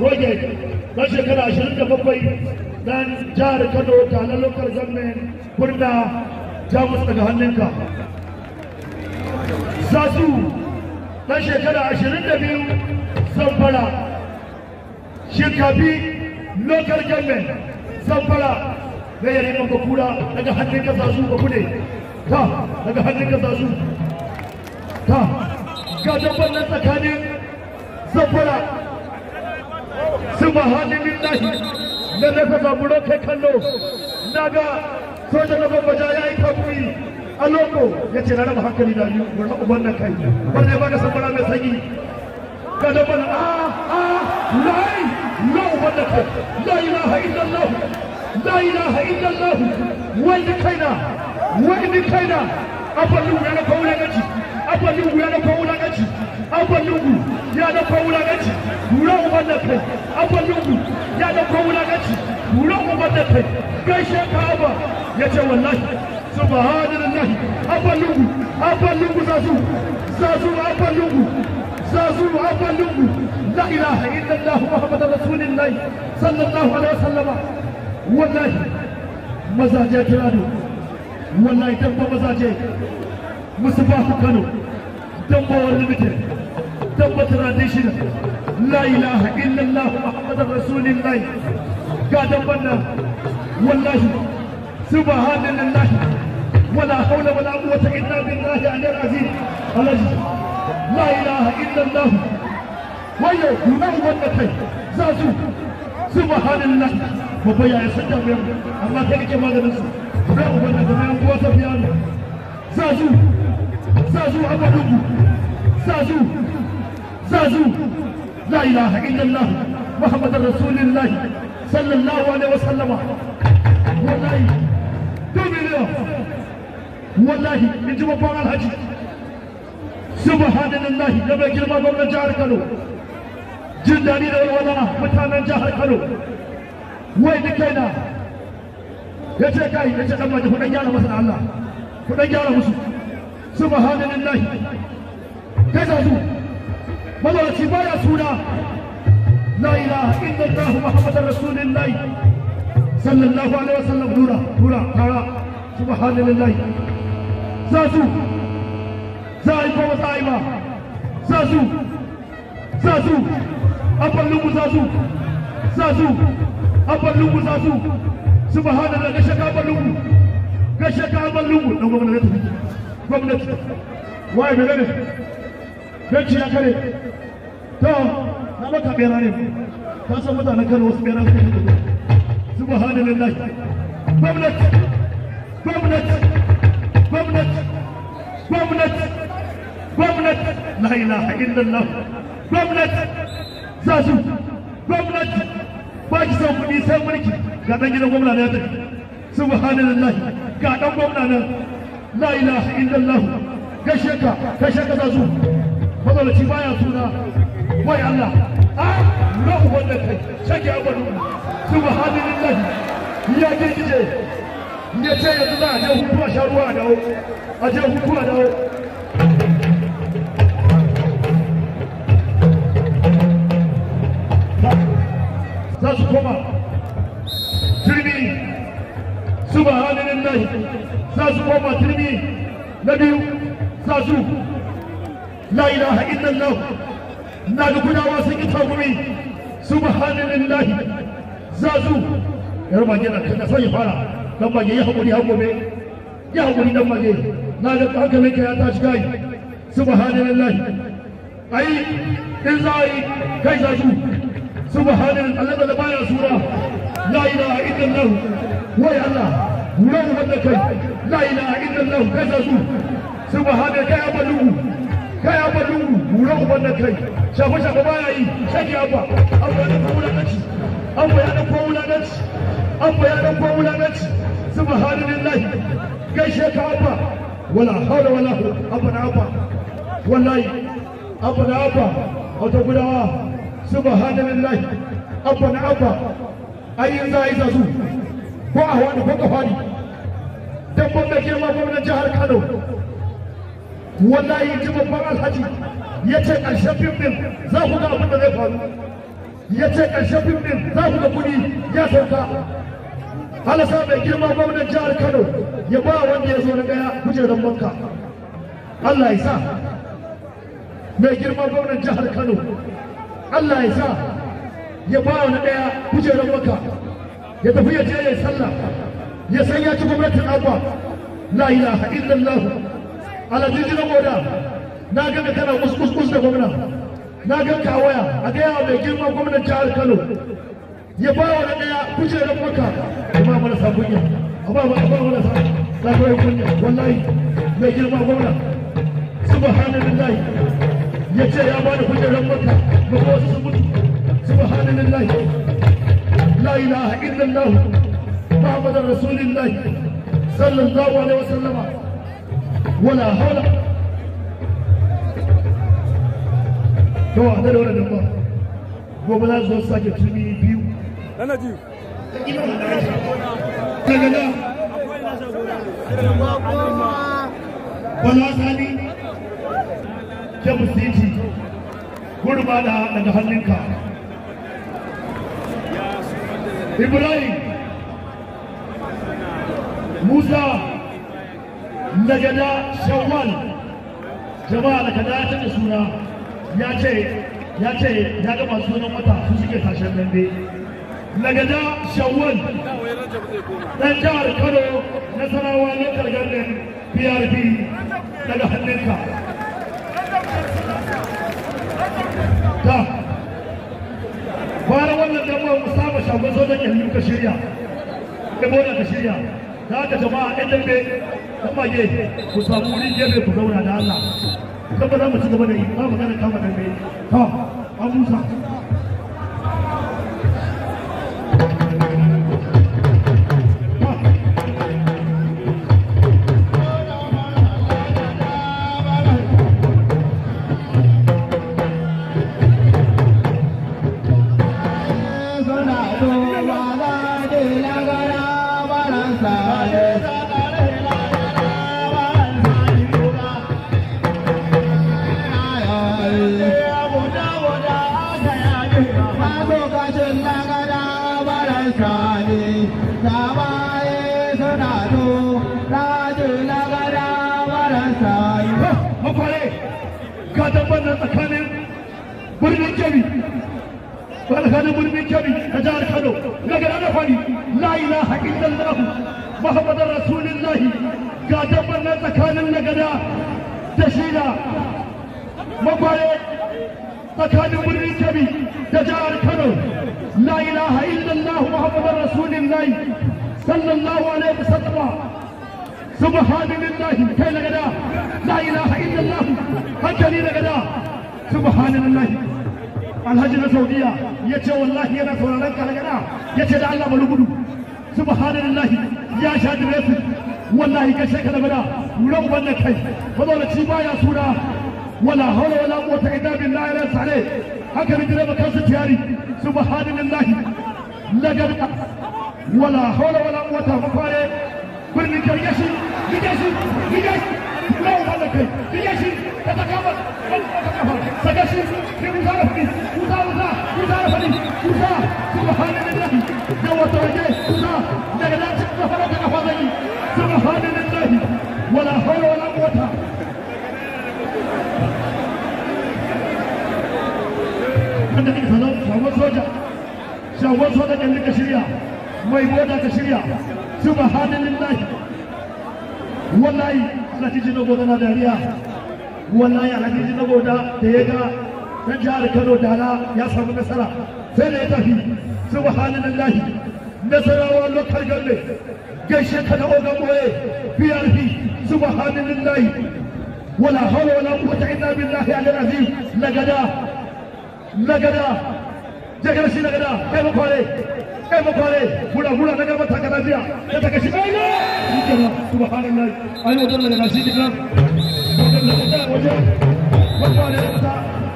project na shekara ashirin da bakwai dan jihar Kano tare lokar government kurna jamus daga hannunka zazu na shekara ashirin da 22 zamfara shekabi lokar government zamfara da yare ɗan bakura daga hannun ka zazu ba kuɗe ta daga hannun ka zazu ta ga dabban nan tsakanin zamfara Wait, the China, wait, the China, up a new and a bone energy. abba lungu ya dauko wulaƙanci abba lungu ya dauko wulaƙanci lura uban da kai abba lungu ya dauko wulaƙanci lura uban da kai gaishe ka abba ya ce wallahi subhanallahi abba lungu abba lungu zazu zazu abba lungu zazu abba lungu la ilaha illallah muhammadur rasulullahi sallallahu alaihi wasallam wallahi mazaje kirado wallahi tabba mazaje musufafu kano dambawar limited damba traditional la ilaha illallah ahmadar rasulillahi ga damban nan wallahi subhanallahi wala haula wala quwwata illa billahi aliyul azim alhaji la illallah wayo kunan wanda kai za su subhanallahi babba ya isa da mu amma kai ke maganin su da tafiya zazu abadugu zazu zazu la ilaha illallah muhammadar rasulullahi sallallahu wa wasallama wallahi to miliyan wallahi in ji babban alhaji subhanallahi da bai girma gwamnan jihar Kano jin daɗi da walwala mutanen jihar Kano wai ni kaina ya ce kai ce dan maji ku dan gyara masa da Allah ku dan gyara subhanallahi kaza zu mazawaci baya suna la ilaha illallah muhammadar rasulullahi sallallahu alaihi wasallam dura dura tara subhanallahi za su za a yi kuma za a yi ba za su za su aballin za su za su aballin za su subhanallahi gashe ka aballin gashe ka aballin dan gwamnati gwamnati waye mai gani benci ya kare ta na maka bera ne ta san mutanen kano wasu bera su ne zuba hannun lillahi gwamnati gwamnati gwamnati gwamnati gwamnati la ilaha illallah gwamnati za su gwamnati ba ki san kuɗi sai mulki ga ɗan gidan gwamnati na ya tafi subhanallah ga ɗan gwamna na la ilaha illallah gashe ka gashe ka zazu baya suna wai Allah a na wanda da kai sake abadu subhanallah ya ke kije ne ce yanzu za a je hutu a sha ruwa a dawo a je hutu a dawo za su koma subhanallah za su koma turmi na biyu za su la ilaha illallah na ga gudawa sun yi tagumi subhanallahi za su yar mage na kan sai fara dan mage ya hakuri har gobe ya hakuri dan mage na ga hankalin ka ya tashi gai subhanallahi ai in za yi kai za su subhanallahi Allah da baya sura la ilaha illallah wai Allah wurin wanda kai la ilaha illallah kai sa su subhanaka kai abalugu kai abalugu wurin wanda kai shafa shafa baya yi shaki abba abba ya dauko wulakanci abba ya dauko wulakanci abba ya dauko wulakanci subhanallahi gaishe abba wala hawla wala quwwata abba na abba wallahi abba na abba wata gudawa subhanallahi abba na abba ai yanzu a yi zazu ko a wani ko kafari dan gwamna girma gwamnan jihar Kano wallahi ji babban alhaji ya ce ƙarshen fim din za ku ga abin da zai faru ya ce ƙarshen fim din za ku ga kuɗi ya sauka halasa mai girma gwamnan jihar Kano ya ba wanda ya zo na ɗaya kujerar banka Allah ya sa mai girma gwamnan jihar Kano Allah ya sa ya fara na ɗaya kujerar maka ya tafi ya je ya sallah ya san ya ci gwamnatin agwa la ilaha illallah alaji jina goda na ga kana kuskus da gwamna na ga ka waya a gaya mai girma gwamnan jihar Kano ya fara na ɗaya kujerar maka amma mana sabunya amma mana sabunya kunya wallahi mai girma gwamna subhanallahi ya ce ya bani kujerar maka ba ko su لله لا إله إلا الله محمد رسول الله صلى الله عليه وسلم ولا حول to a da wannan ba gobe za su sake turmi biyu ana ji daga da bala sani ke musiti gurba da daga hannunka ابراهيم موسى نجدا شوال جمال كذا تسمع يا شيء يا شيء يا جماعة سونا متى سوسي كتاشم بندي نجدا شوال نجار كرو وانا نكرجن بي ار بي نجحنكا تا fara wannan damar mu samu shagon sojan yanzu ka shirya da bola ka shirya da haka jama'a ɗan dambe ɗan mage ku samu wurin gefe ku zauna da Allah saboda za mu ci gaba da yi ba magana kama dambe to an musa da tsakanin birnin Kebbi ba tsakanin birnin Kebbi da jihar Kano daga ana fari la ilaha illallah Muhammadur Rasulullahi ga dabban nan tsakanin Nagada da Shida makwaye tsakanin birnin Kebbi da jihar Kano la ilaha illallah Muhammadur Rasulullahi sallallahu alaihi wasallam سبحان الله كي لغدا لا إله إلا الله هكذا لغدا سبحان الله الحج السعودية يتشى والله أنا سورانك لغدا يتشى دع الله بلغدو سبحان الله يا شاد رسل والله كشك لغدا رب النكي فضل تشيبا يا سورا ولا حول ولا قوة إلا بالله رأس عليه هكذا جرب كاسة تياري سبحان الله لقد ولا حول ولا قوة مقارب بالنكريشي ሊደሽን ሊደሽ ነው ታለከኝ ሊደሽን ተጠቀመጥ ተጠቀመጥ ሰገሽን የሙሳረ ፈዲስ ሙሳ ሙሳ ሙሳረ ፈዲስ ሙሳ ስብሓነ ንላሂ ነወተወጀ ሙሳ እንደገና ተፈረ ተቀፋዘኝ ስብሓነ ንላሂ ወላ ሐውለ ወላ ቁወታ wanda kika sanar shawar soja shawar soja ɗan nika shirya mai boda ta shirya subhanallahi wallahi alhaji jinogo tana dariya wallahi alhaji jinogo da da ya ga dan jihar kano dala ya samu nasara sai da ya tafi subhanallahi nasarawa lokal galle gaishe ka da ogan boye prp subhanallahi ولا حول ولا قوة إلا بالله علي العظيم لقدا لقدا جگر شي لقدا اے مکھارے اے مکھارے lafiya da daga shi bai ne shi ke nan subhanallahi ai wajen da shi ke nan wajen da wajen wajen da ta